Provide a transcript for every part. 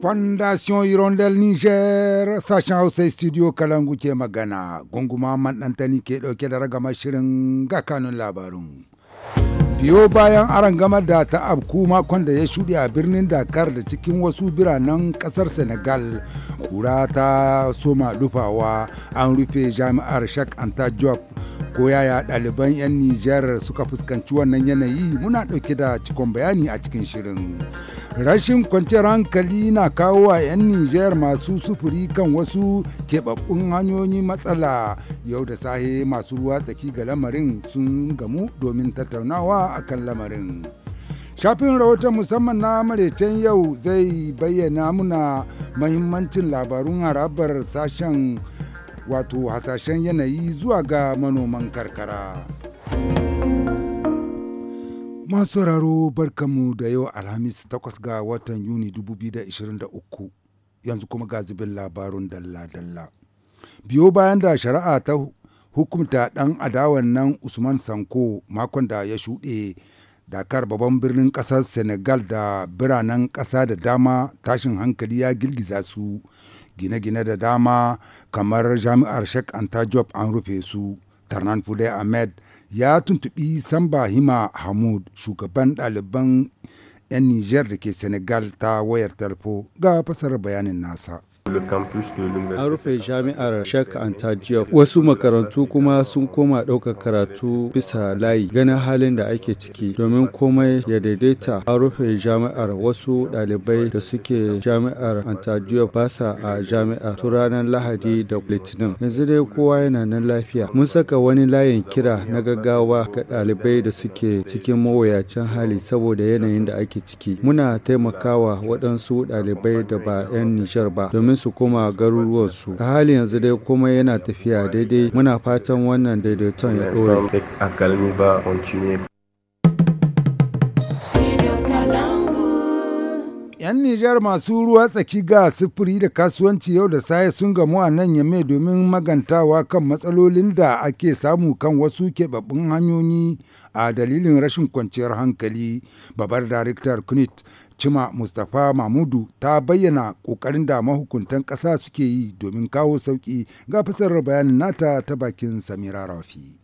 Fondation Hirondel Niger sashen Hausa studio Kalangu ke magana gunguma maɗantani ke ɗauke da ragamar shirin ga kanun labarun. Biyo bayan arangama da ta abku makon da ya shuɗe a birnin Dakar da cikin wasu biranen ƙasar Senegal, kura ta soma lufawa an rufe jami'ar Shak Anta Diop ko yaya ɗaliban 'yan Nijar suka fuskanci wannan yanayi muna ɗauke da cikon bayani a cikin shirin. Rashin kwanciyar hankali na kawo wa 'yan Nijar masu sufuri kan wasu keɓaɓɓun hanyoyi matsala yau da sahe masu ruwa tsaki ga lamarin sun gamu domin tattaunawa a kan lamarin. Shafin rahoton musamman na maraicen yau zai bayyana muna mahimmancin labarun harabar sashen wato hasashen yanayi zuwa ga manoman karkara. Masu sauraro barkanmu da yau Alhamis takwas ga watan Yuni 2023 yanzu kuma ga zubin labarun dalla-dalla. Biyo bayan da shari'a ta hukumta ɗan adawan nan Usman Sanko makon da ya shuɗe dakar babban birnin kasar senegal da biranen kasa da dama tashin hankali ya girgiza su gine-gine da dama kamar jami'ar sheikh anta job an rufe su tarnan fude ahmed ya tuntubi samba hima hamud shugaban ɗaliban 'yan niger da ke senegal ta wayar tarfo ga fasar bayanin nasa An rufe jami'ar Shak Antajiyar. Wasu makarantu kuma sun koma ɗaukar karatu bisa layi ganin halin da ake ciki domin komai ya daidaita an rufe jami'ar wasu ɗalibai da suke jami'ar Antajiyar ba sa a jami'ar tun ranar Lahadi da Litinin. Yanzu dai kowa yana nan lafiya. Mun saka wani layin kira na gaggawa ga ɗalibai da suke cikin mawuyacin hali saboda yanayin da ake ciki. Muna taimakawa waɗansu ɗalibai da ba 'yan Nijar ba domin su koma garuruwarsu ta hali yanzu dai kuma yana tafiya daidai muna fatan wannan daidaiton ya ɗore yan Nijar masu ruwa tsaki ga sufuri da kasuwanci yau da saye sun gamu a nan yamme domin magantawa kan matsalolin da ake samu kan wasu keɓaɓɓun hanyoyi a dalilin rashin kwanciyar hankali. Babar Daraktar Knut Cima Mustapha Mahmudu ta bayyana ƙoƙarin da mahukuntan ƙasa suke yi domin kawo sauƙi ga fasarar bayanin nata ta bakin Samira Rafi.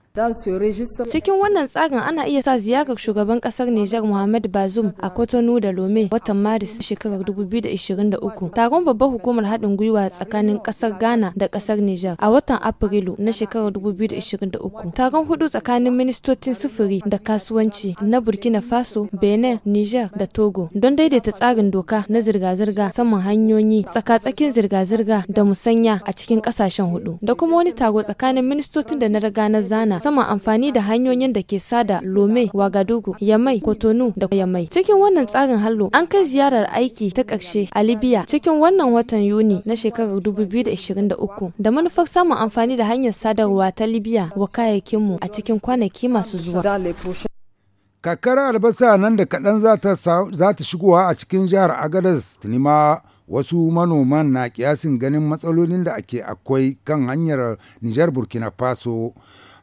Cikin wannan tsarin ana iya sa ziyarar shugaban kasar Nijar Muhammad Bazoum a Cotonou da Lomé watan Maris shekarar 2023. Taron babbar hukumar haɗin gwiwa tsakanin kasar Ghana da kasar Nijar a watan Afrilu na shekarar 2023. Taron hudu tsakanin ministocin sufuri da kasuwanci na Burkina Faso, Benin, Nijar da Togo don daidaita tsarin doka na zirga-zirga saman hanyoyi tsaka-tsakin zirga-zirga da musanya a cikin kasashen hudu da kuma wani taro tsakanin ministocin da na riga na Zana musamman amfani da hanyoyin da ke sada Lome, Wagadugu, Yamai, Kotonu da Yamai. Cikin wannan tsarin hallo an kai ziyarar aiki ta karshe a Libya cikin wannan watan Yuni na shekarar 2023 da manufar samun amfani da hanyar sadarwa ta Libya wa kayayyakinmu a cikin kwanaki masu zuwa. kakar albasa nan da kaɗan za ta shigowa a cikin jihar agadas tunima wasu manoman na kiyasin ganin matsalolin da ake akwai kan hanyar nijar burkina faso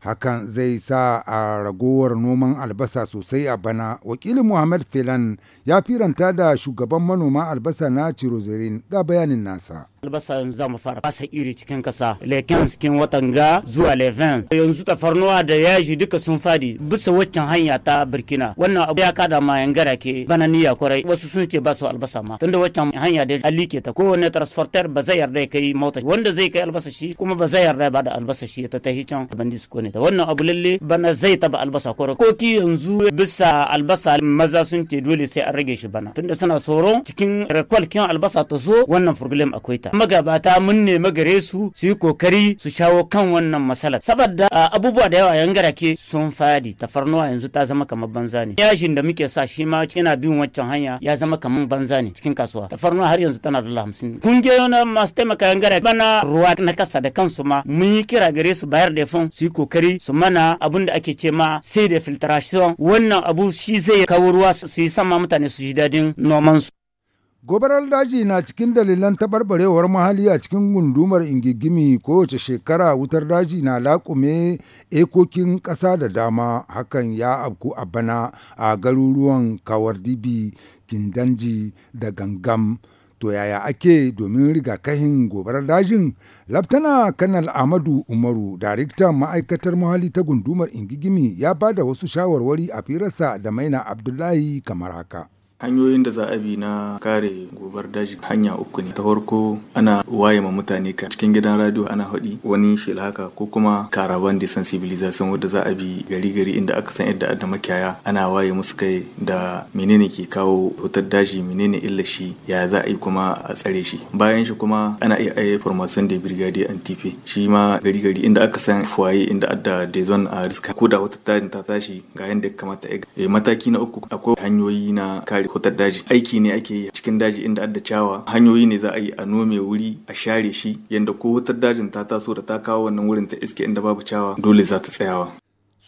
hakan zai sa a ragowar noman albasa sosai a bana wakilin muhammad filan ya firanta da shugaban manoma albasa na cirozirin ga bayanin nasa albasa yanzu za mu fara fasa iri cikin kasa leken cikin watan ga zuwa leven yanzu ta tafarnuwa da yaji duka sun fadi bisa waccan hanya ta burkina wannan abu ya kada ma gara ke bana niyya kwarai wasu sun ce ba su albasa ma tunda waccan hanya da alike ta kowane transporter ba zai yarda kai mota wanda zai kai albasa shi kuma ba zai yarda ba da albasa shi ta tahi can bandis ko ne ta wannan abu lalle bana zai taba albasa kwarai ko ki yanzu bisa albasa maza sun ce dole sai an rage shi bana tunda suna tsoro cikin rekwal kin albasa ta zo wannan problem akwai ta magabata mun nemi gare su su yi kokari su shawo kan wannan matsalar saboda ah, abubuwa da yawa yanga rake sun fadi tafarnuwa yanzu ta zama kamar banza ne yashin da muke sa shi ma yana bin waccan hanya ya zama kamar banza ne cikin kasuwa tafarnuwa har yanzu tana dala hamsin kungiyoyi na masu taimaka yanga garake bana ruwa na kasa da kansu ma mun yi kira gare su bayar da fon su yi kokari su mana abun da ake ce ma sai da filtration wannan abu shi zai kawo ruwa su yi sama mutane su ji dadin nomansu. Gobarar daji na cikin dalilan taɓarɓarewar mahali a cikin gundumar ingigimi kowace shekara wutar daji na laƙume ekokin ƙasa da dama hakan ya abku a bana a garuruwan kawardibi kindanji da gangam. to yaya ake domin rigakahin gobarar dajin laftana kanal amadu umaru daraktan ma'aikatar muhalli ta gundumar ingigimi ya ba da wasu shawarwari a firarsa da maina abdullahi kamar haka Hanyoyin da za a bi na kare gobar daji hanya uku ne. Ta farko ana waye ma mutane ka cikin gidan radio ana haɗi wani shela haka ko kuma karaban de sensibilisation wadda za a bi gari gari inda aka san yadda adda makiyaya ana waye musu kai da menene ke kawo wutar daji menene illa shi ya za a yi kuma a tsare shi. Bayan shi kuma ana iya aye formation de brigade antife shi ma gari gari inda aka san fuwaye inda adda de zone a riska ko da wata tarin ta tashi ga yadda ya kamata. Eh, mataki na uku akwai hanyoyi na kare hutar daji aiki ne ake yi cikin daji inda adda ciyawa hanyoyi ne za a yi a nome wuri a share shi yanda ko wutar dajin ta taso da ta kawo wannan wurin ta iske inda babu ciyawa dole za ta tsayawa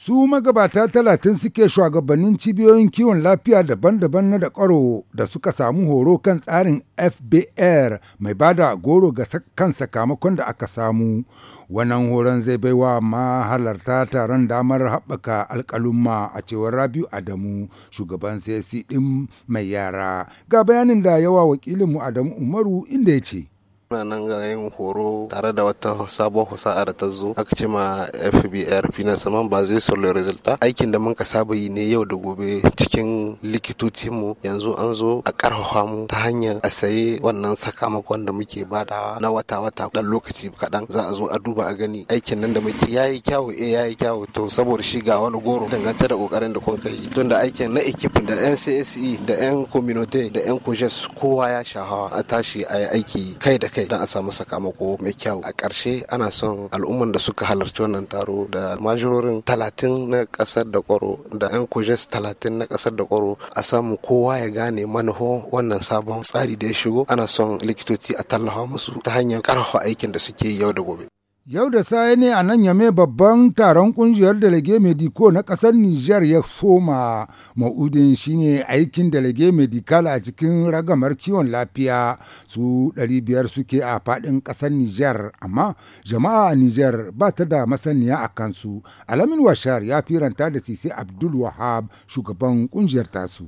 Su magabata talatin suke shugabannin cibiyoyin kiwon lafiya daban-daban na da ƙwaro da suka samu horo kan tsarin FBR mai ba da goro ga kan sakamakon da aka samu. Wannan horon zai baiwa mahalarta taron damar haɓaka alƙalumma a cewar Rabiu Adamu, shugaban CSC ɗin mai yara. Ga bayanin da yawa wakilinmu Adamu Umaru inda ya ce. muna nan ga yin horo tare da wata sabuwar fasaha da ta zo aka ce ma FBR saman ba zai le résultat aikin da muka saba yi ne yau da gobe cikin likitocinmu yanzu an zo a karfafa mu ta hanyar a saye wannan sakamakon da muke badawa na wata-wata dan lokaci kaɗan za a zo a duba a gani aikin nan da muke yayi kyawu eh yayi kyawu to saboda shi ga wani goro dangance da kokarin da kun kai tun da aikin na ekip da yan CSE da yan community da yan kojes kowa ya shahawa a tashi a yi aiki kai da kai don a samu sakamako mai kyau a ƙarshe ana son al'umman da suka halarci wannan taro da majorin talatin na ƙasar da kwaro da 'yan kujes talatin na ƙasar da kwaro a samu kowa ya gane manaho wannan sabon tsari da ya shigo ana son likitoci a tallafa musu ta hanyar ƙarfafa aikin da suke yau da gobe Yau da saye ne a nan yame babban taron kungiyar Delege Medico na ƙasar Nijar ya soma ma'udin ne aikin Delege Medical a cikin ragamar kiwon lafiya su 500 suke a faɗin ƙasar Nijar amma jama'a a Nijar ba ta da masaniya a kansu. Alamin Washar ya firanta da Sisi Abdul Wahab shugaban kungiyar tasu.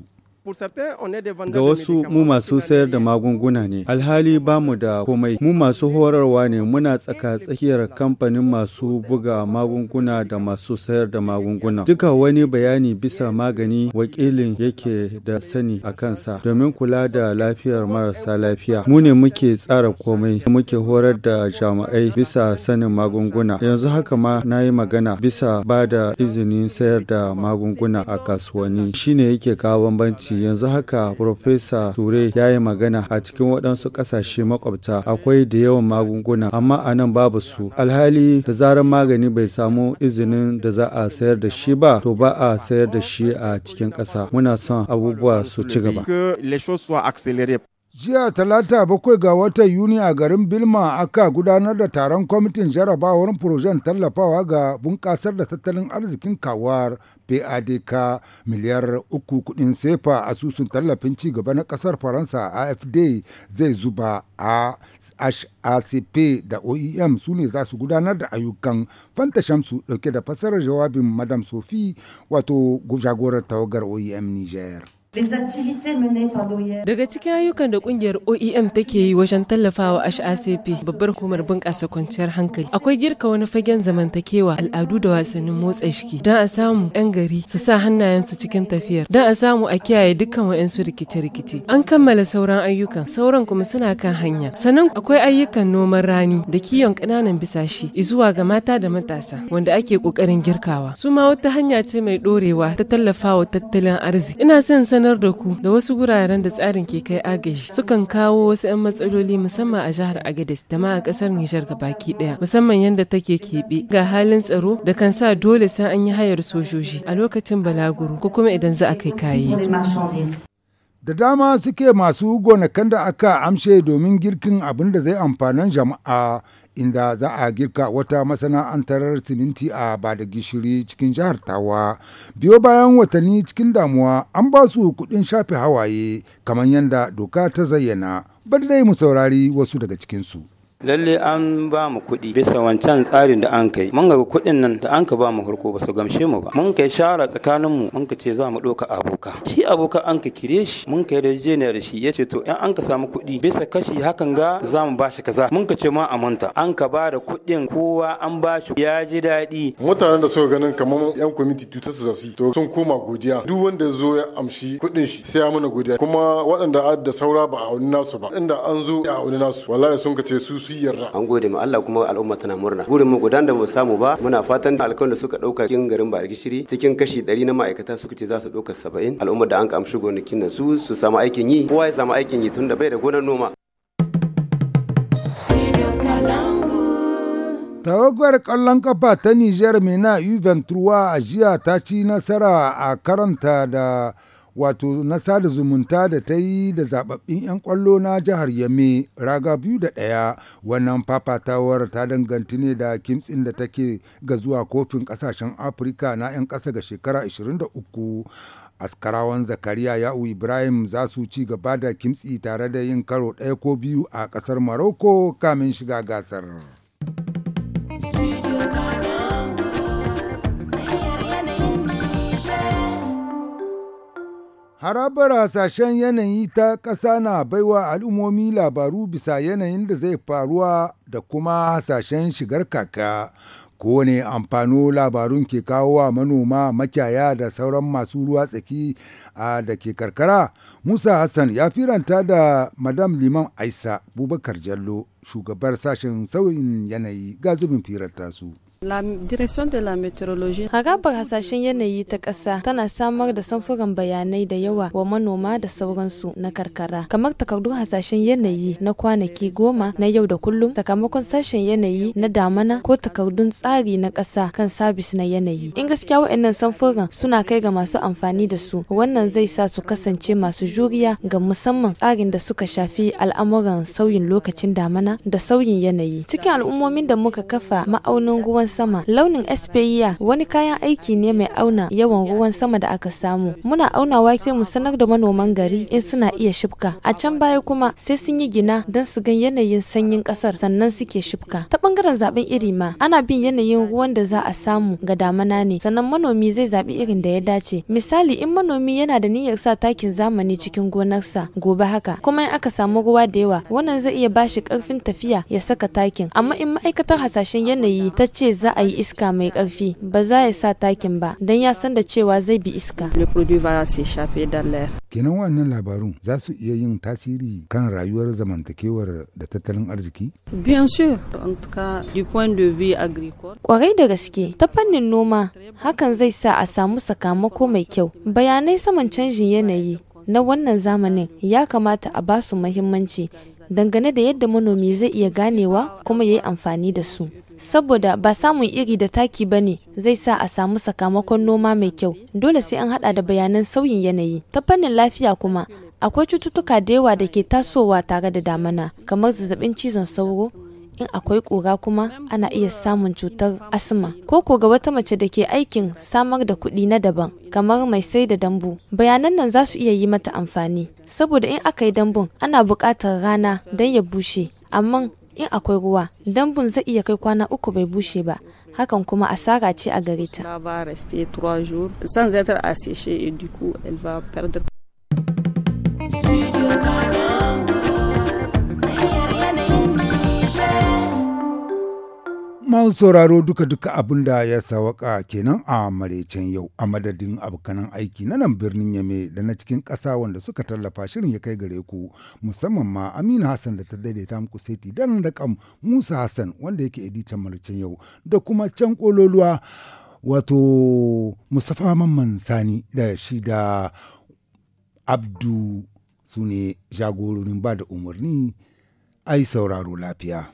Ga wasu mu masu sayar da magunguna ne, alhali ba mu da komai. Mu masu horarwa ne muna tsaka tsakiyar kamfanin masu buga magunguna da masu sayar da magunguna. Duka wani bayani bisa magani wakilin yake da sani a kansa domin kula da lafiyar marasa lafiya. Mu ne muke tsara komai, muke horar da jama'ai bisa sanin magunguna. Yanzu haka ma na yi magana bisa ba da izinin sayar da magunguna a kasuwanni. Shine yake kawo bambanci yanzu haka Profesa Ture ya yi magana a cikin waɗansu ƙasashe makwabta akwai da yawan magunguna amma a nan babu su. Alhali da zarar magani bai samu izinin da za a sayar da shi ba to ba a sayar da shi a cikin ƙasa. Muna son abubuwa su ci gaba. Jiya talata bakwai ga watan Yuni a garin Bilma aka gudanar da taron kwamitin jarabawar furojen tallafawa ga bunƙasar da tattalin arzikin kawar PADK miliyar uku kudin sefa asusun tallafin cigaba na ƙasar Faransa AFD zai zuba a HACP da OEM su ne za su gudanar da ayyukan Fanta Shamsu dauke da fasarar jawabin Madam Sophie wato jagorar tawagar OEM Niger. Daga cikin ayyukan da kungiyar OEM take yi wajen tallafawa HACP babbar hukumar bunƙasa kwanciyar hankali akwai girka wani fagen zamantakewa al'adu da wasannin motsa shiki don a samu 'yan gari su sa hannayensu cikin tafiyar don a samu a kiyaye dukkan wa'yansu rikice-rikice. An kammala sauran ayyukan sauran kuma suna kan hanya. Sannan akwai ayyukan noman rani da kiyon ƙananan bisashi zuwa ga mata da matasa wanda ake ƙoƙarin girkawa. Su ma wata hanya ce mai ɗorewa ta tallafawa tattalin arziki. Ina son sanar sanar da ku da wasu guraren da tsarin ke kai agaji sukan kawo wasu 'yan matsaloli musamman a jihar Agadez da ma a kasar Nijar baki daya musamman yadda take keɓe ga halin tsaro da kan sa dole sai an yi hayar sojoji a lokacin balaguro ko kuma idan za a kai kaye. da dama suke masu gonakan da aka amshe domin girkin abin da zai amfanin jama'a inda za a girka wata masana'antar siminti a bada gishiri cikin jihar tawa biyo bayan watanni cikin damuwa an ba su kuɗin shafe hawaye kamar yadda doka ta zayyana bar dai mu saurari wasu daga cikinsu. lalle an ba mu kuɗi bisa wancan tsarin da an kai mun ga kuɗin nan da an ka ba mu harko ba su gamshe mu ba mun kai shara tsakanin mu mun ka ce za mu ɗauka aboka shi aboka an ka kire shi mun kai yarjejeniya da shi ya ce to in an ka samu kuɗi bisa kashi hakan ga za mu bashi kaza mun ka ce ma a manta an ka ba da kuɗin kowa an ba shi ya ji daɗi mutanen da suka ganin kamar yan kwamiti tutar su zasu to sun koma godiya duk wanda zo ya amshi kuɗin shi sai ya mana godiya kuma waɗanda da saura ba a wani nasu ba inda an zo a wani nasu wallahi sun ka ce su yarda an gode ma Allah kuma al'umma tana murna burin mu gudan da mu samu ba muna fatan alƙawarin da suka dauka cikin garin Bariki Shiri cikin kashi 100 na ma'aikata suka ce za su ɗauka 70 al'umma da an kamshi gonakin nan su su samu aikin yi kowa ya samu aikin yi tunda bai da gonar noma tawagar kallon kafa ta Nijar mai na Juventus a jiya ta ci nasara a karanta da wato na sada zumunta da ta yi da zababbin 'yan kwallo na jihar Yame raga biyu da ɗaya wannan fafatawar ta danganci ne da kimtsin da take ga zuwa kofin kasashen Afirka na 'yan ƙasa ga shekara 23. askarawan zakariya ya'u ibrahim za su ci gaba da kimtsi tare da yin karo ɗaya ko biyu a ƙasar maroko kamin shiga gasar. Harabar hasashen yanayi ta ƙasa na baiwa al'ummomi labaru bisa yanayin da zai faruwa da kuma hasashen shigar kaka. Kowane amfano labarun ke kawo wa manoma makyaya da sauran masu ruwa tsaki a da ke karkara. Musa Hassan ya firanta da Madam Liman Aisa Bubakar Jallo, shugabar sashen sauyin yanayi ga zubin firanta su. Harabar hasashen yanayi ta ƙasa tana samar da samfuran bayanai da yawa wa manoma da sauransu na karkara, kamar takardun hasashen yanayi na kwanaki goma na yau da kullum, sakamakon sashen yanayi na damana ko takardun tsari na ƙasa kan sabis na yanayi. In gaskiya waɗannan samfuran suna kai ga masu amfani da su, wannan zai sa su kasance masu juriya ga musamman tsarin da suka shafi al'amuran sauyin lokacin damana da sauyin yanayi. Cikin al'ummomin da muka kafa ma'aunin ruwan ruwan sama launin SPIA e wani kayan aiki ne mai auna yawan ruwan sama da aka samu muna aunawa sai mu sanar da manoman gari in suna iya shifka a can baya kuma sai sun yi gina don su gan yanayin sanyin kasar sannan suke shifka ta bangaren zaben iri ma ana bin yanayin ruwan da za a samu ga damana ne sannan manomi zai zabi irin da ya dace misali in manomi yana da niyyar sa takin zamani cikin gonarsa gobe haka kuma in aka samu ruwa da yawa wannan zai iya bashi karfin tafiya ya saka takin amma in ma'aikatar hasashen yanayi ta ce za a yi iska mai ƙarfi ba za ya sa takin ba don ya san da cewa zai bi iska. Kenan wannan labarun za su iya yin tasiri kan rayuwar zamantakewar da tattalin arziki? Bien sûr, en tout point de vue agricole. Kwarai da gaske, ta fannin noma hakan zai sa a samu sakamako mai kyau. Bayanai saman canjin yanayi na wannan zamanin ya kamata a basu muhimmanci dangane da yadda manomi zai iya ganewa kuma ya yi amfani da su. Saboda ba samun iri da taki ba ne zai sa a samu sakamakon noma mai kyau, dole sai an hada da bayanan sauyin yanayi. Ta fannin lafiya kuma akwai cututtuka da yawa da ke tasowa tare da damana, kamar zazzabin cizon sauro, in akwai ƙura kuma ana iya samun cutar asma ko ko ga wata mace da ke aikin samar da kuɗi na daban kamar mai sai da dambu bayanan nan za su iya yi mata amfani saboda in aka yi dambun ana buƙatar rana don ya bushe amma in akwai ruwa dambun zai iya kai kwana uku bai bushe ba hakan kuma asara ce a gare ta Masu sauraro duka-duka abin da ya sawaka kenan a maraicen yau a madadin abokanan aiki na nan birnin Yame da na cikin ƙasa wanda suka tallafa shirin ya kai gare ku musamman ma Amina Hassan da ta daidaita muku seti da rakam Musa Hassan wanda yake editan maraicen yau da kuma can kololuwa wato Mustapha Mamman Sani da shi da Abdu sune ne jagororin ba da umarni ai sauraro lafiya.